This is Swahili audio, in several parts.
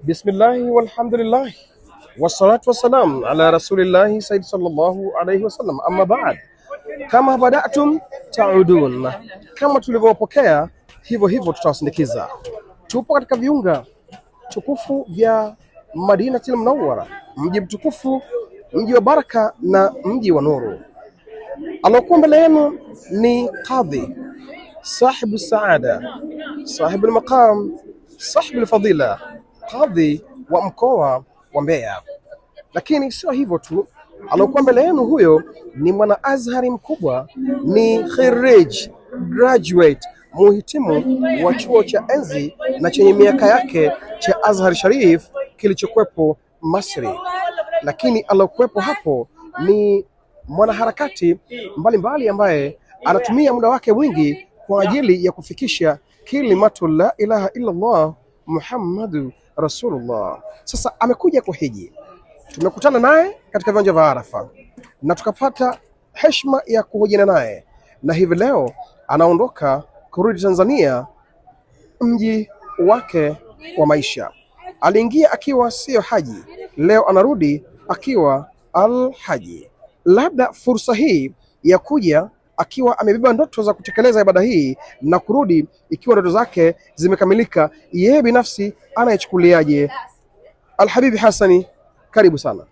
Bismillahi walhamdulillahi wassalatu wassalam ala rasulillahi sayyid sallallahu alayhi wasallam, amma ba'd, kama badatum taudun, kama tulivyopokea hivyo hivyo tutawasindikiza. Tupo katika viunga tukufu vya Madinatul Munawwara, mji mtukufu, mji wa baraka na mji wa nuru. Aliokuwa mbele yenu ni Qadhi sahibu saada, sahibu lmaqam, sahibu lfadila hadhi wa mkoa wa Mbeya. Lakini sio hivyo tu, aliokuwa mbele yenu huyo ni mwana Azhari mkubwa, ni khirij graduate muhitimu wa chuo cha enzi na chenye miaka yake cha Azhar Sharif kilichokuwepo Masri. Lakini aliokuwepo hapo ni mwanaharakati mbalimbali ambaye anatumia muda wake mwingi kwa ajili ya kufikisha kilimatu la ilaha illallah Muhammadu Rasulullah. Sasa amekuja kuhiji, tumekutana naye katika viwanja vya Arafa na tukapata heshima ya kuhojiana naye, na hivi leo anaondoka kurudi Tanzania, mji wake wa maisha. Aliingia akiwa siyo haji, leo anarudi akiwa al haji. Labda fursa hii ya kuja akiwa amebeba ndoto za kutekeleza ibada hii na kurudi ikiwa ndoto zake zimekamilika, yeye binafsi anayechukuliaje? Alhabibi hasani karibu sana.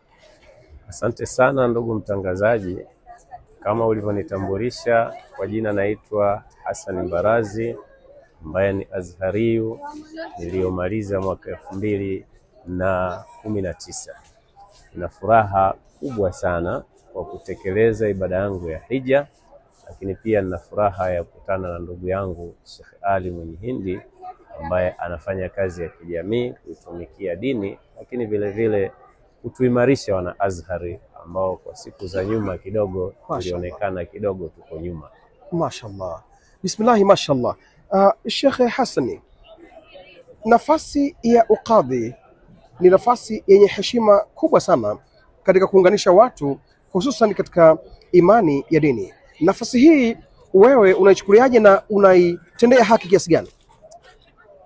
Asante sana ndugu mtangazaji, kama ulivyonitambulisha kwa jina, naitwa hasani Mbarazi ambaye ni azhariu niliyomaliza mwaka elfu mbili na kumi na tisa. Na furaha kubwa sana kwa kutekeleza ibada yangu ya hija lakini pia nina furaha ya kukutana na ndugu yangu Sheikh Ali mwenye Hindi ambaye anafanya kazi ya kijamii kuitumikia dini, lakini vilevile kutuimarisha wana Azhari ambao kwa siku za nyuma kidogo tulionekana kidogo tuko nyuma. Mashaallah, bismillahi mashaallah. Uh, Sheikh Hasani, nafasi ya ukadhi ni nafasi yenye heshima kubwa sana katika kuunganisha watu hususan katika imani ya dini. Nafasi hii wewe unaichukuliaje na unaitendea haki kiasi gani?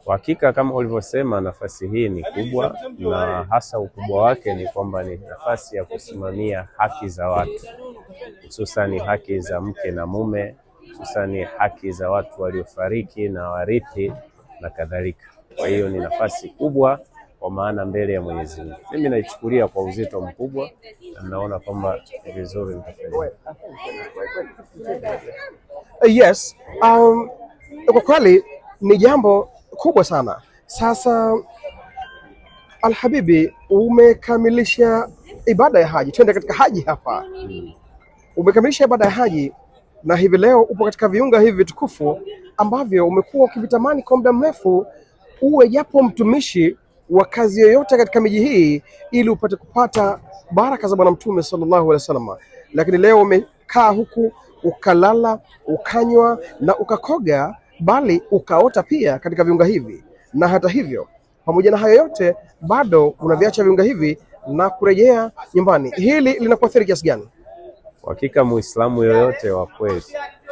Kwa hakika kama ulivyosema, nafasi hii ni kubwa, na hasa ukubwa wake ni kwamba ni nafasi ya kusimamia haki za watu, hususani haki za mke na mume, hususani haki za watu waliofariki na warithi na kadhalika. Kwa hiyo ni nafasi kubwa kwa maana mbele ya Mwenyezi Mungu. Mimi naichukulia kwa uzito mkubwa na naona kwamba ni vizuri nitafanya. Yes, um, kwa kweli ni jambo kubwa sana. Sasa Alhabibi, umekamilisha ibada ya haji, twende katika haji hapa. Hmm. Umekamilisha ibada ya haji na hivi leo upo katika viunga hivi vitukufu ambavyo umekuwa ukivitamani kwa muda mrefu uwe japo mtumishi wakazi yoyote katika miji hii ili upate kupata baraka za Bwana Mtume sallallahu alaihi wasallam. Lakini leo umekaa huku ukalala ukanywa na ukakoga, bali ukaota pia katika viunga hivi. Na hata hivyo, pamoja na hayo yote, bado unaviacha viunga hivi na kurejea nyumbani. Hili linakuathiri kiasi gani? Hakika Muislamu yoyote wa kweli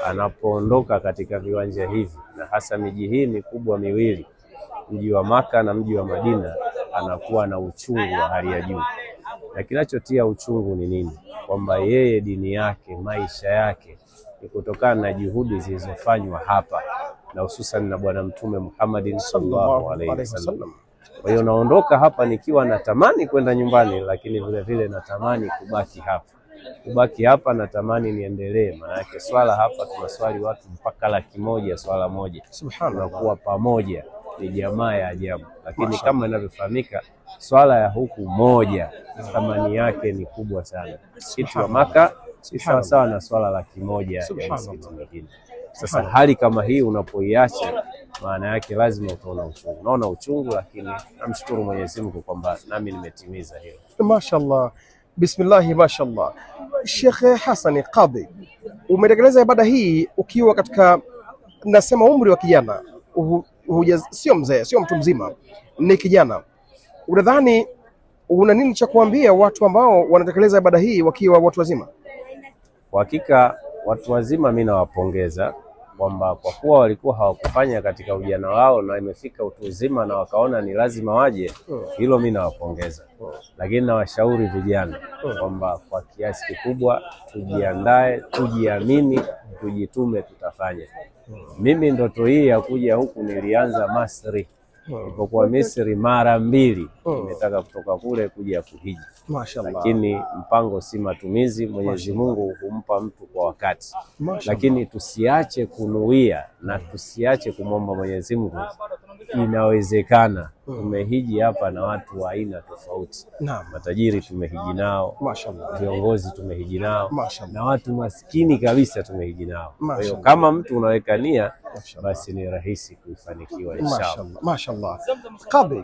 anapoondoka katika viwanja hivi na hasa miji hii mikubwa miwili mji wa Maka na mji wa Madina anakuwa na uchungu wa hali ya juu, na kinachotia uchungu ni nini? Kwamba yeye dini yake, maisha yake ni kutokana na juhudi zilizofanywa hapa na hususan na Bwana Mtume Muhammad sallallahu alaihi wasallam. Kwa hiyo naondoka hapa nikiwa natamani kwenda nyumbani, lakini vilevile natamani kubaki hapa kubaki hapa natamani niendelee, maana yake swala hapa tunaswali watu mpaka laki moja swala moja, subhanallah, kuwa pamoja ni jamaa ya ajabu, lakini kama inavyofahamika swala ya huku moja thamani yake ni kubwa sana. Msikiti wa Maka si sawasawa na swala laki moja ya msikiti mwingine. Sasa hali kama hii unapoiacha, maana yake lazima utaona uchungu. Unaona uchungu, lakini namshukuru Mwenyezi Mungu kwamba nami nimetimiza hilo, Mashaallah, bismillahi, mashaallah. Shekhe Hasani Qadhi, umetekeleza ibada hii ukiwa katika nasema umri wa kijana, hujaz, sio mzee, sio mtu mzima, ni kijana, unadhani una nini cha kuambia watu ambao wanatekeleza ibada hii wakiwa watu wazima? Kwa hakika watu wazima, mimi nawapongeza kwamba kwa kuwa walikuwa hawakufanya katika ujana wao na imefika utu uzima na wakaona ni lazima waje, hilo mimi nawapongeza. Lakini nawashauri vijana kwamba kwa kiasi kikubwa tujiandae, tujiamini, tujitume, tutafanya. Mimi ndoto hii ya kuja huku nilianza Masri, nilipokuwa Misri mara mbili nimetaka kutoka kule kuja kuhiji, lakini mpango si matumizi. Mwenyezi Mungu humpa mtu kwa wakati, lakini tusiache kunuia na tusiache kumwomba Mwenyezi Mungu inawezekana. Hmm. Tumehiji hapa na watu wa aina tofauti. Matajiri tumehiji nao, viongozi tumehiji nao, na watu maskini kabisa tumehiji nao. Kwa hiyo kama mtu unaweka nia, basi ni rahisi kufanikiwa inshallah. Mashaallah. Kadhi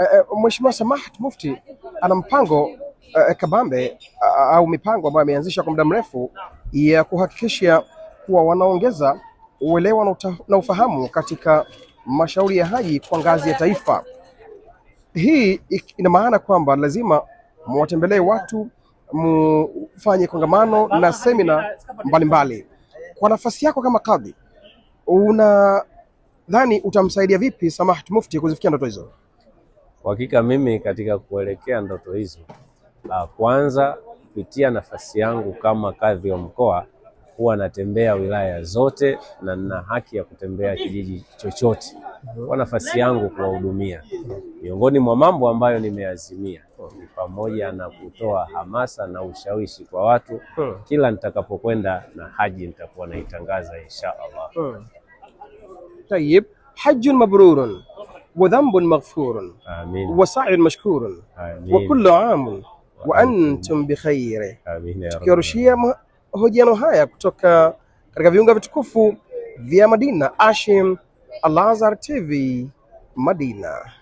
eh, eh, Mheshimiwa Samahat Mufti ana mpango eh, kabambe au mipango ambayo ameanzisha kwa muda mrefu ya kuhakikisha kuwa wanaongeza uelewa na ufahamu katika mashauri ya haji kwa ngazi ya taifa. Hii ina maana kwamba lazima mwatembelee watu, mfanye kongamano na semina mbalimbali. Kwa nafasi yako kama kadhi, unadhani utamsaidia vipi Samahat Mufti kuzifikia ndoto hizo? Hakika mimi katika kuelekea ndoto hizo, la kwanza kupitia nafasi yangu kama kadhi wa mkoa huwa natembea wilaya zote na nina haki ya kutembea kijiji chochote kwa nafasi yangu kuwahudumia. Miongoni mwa mambo ambayo nimeazimia ni pamoja na kutoa hamasa na ushawishi kwa watu. Kila nitakapokwenda na haji nitakuwa naitangaza insha Allah. Tayib, hajjun mabrurun wa dhanbun maghfurun wa sa'yun mashkurun wa kullu amun wa antum bi khair. Amin ya rabbi mahojiano haya kutoka katika viunga vitukufu vya Madina. Ashim alazar TV Madina.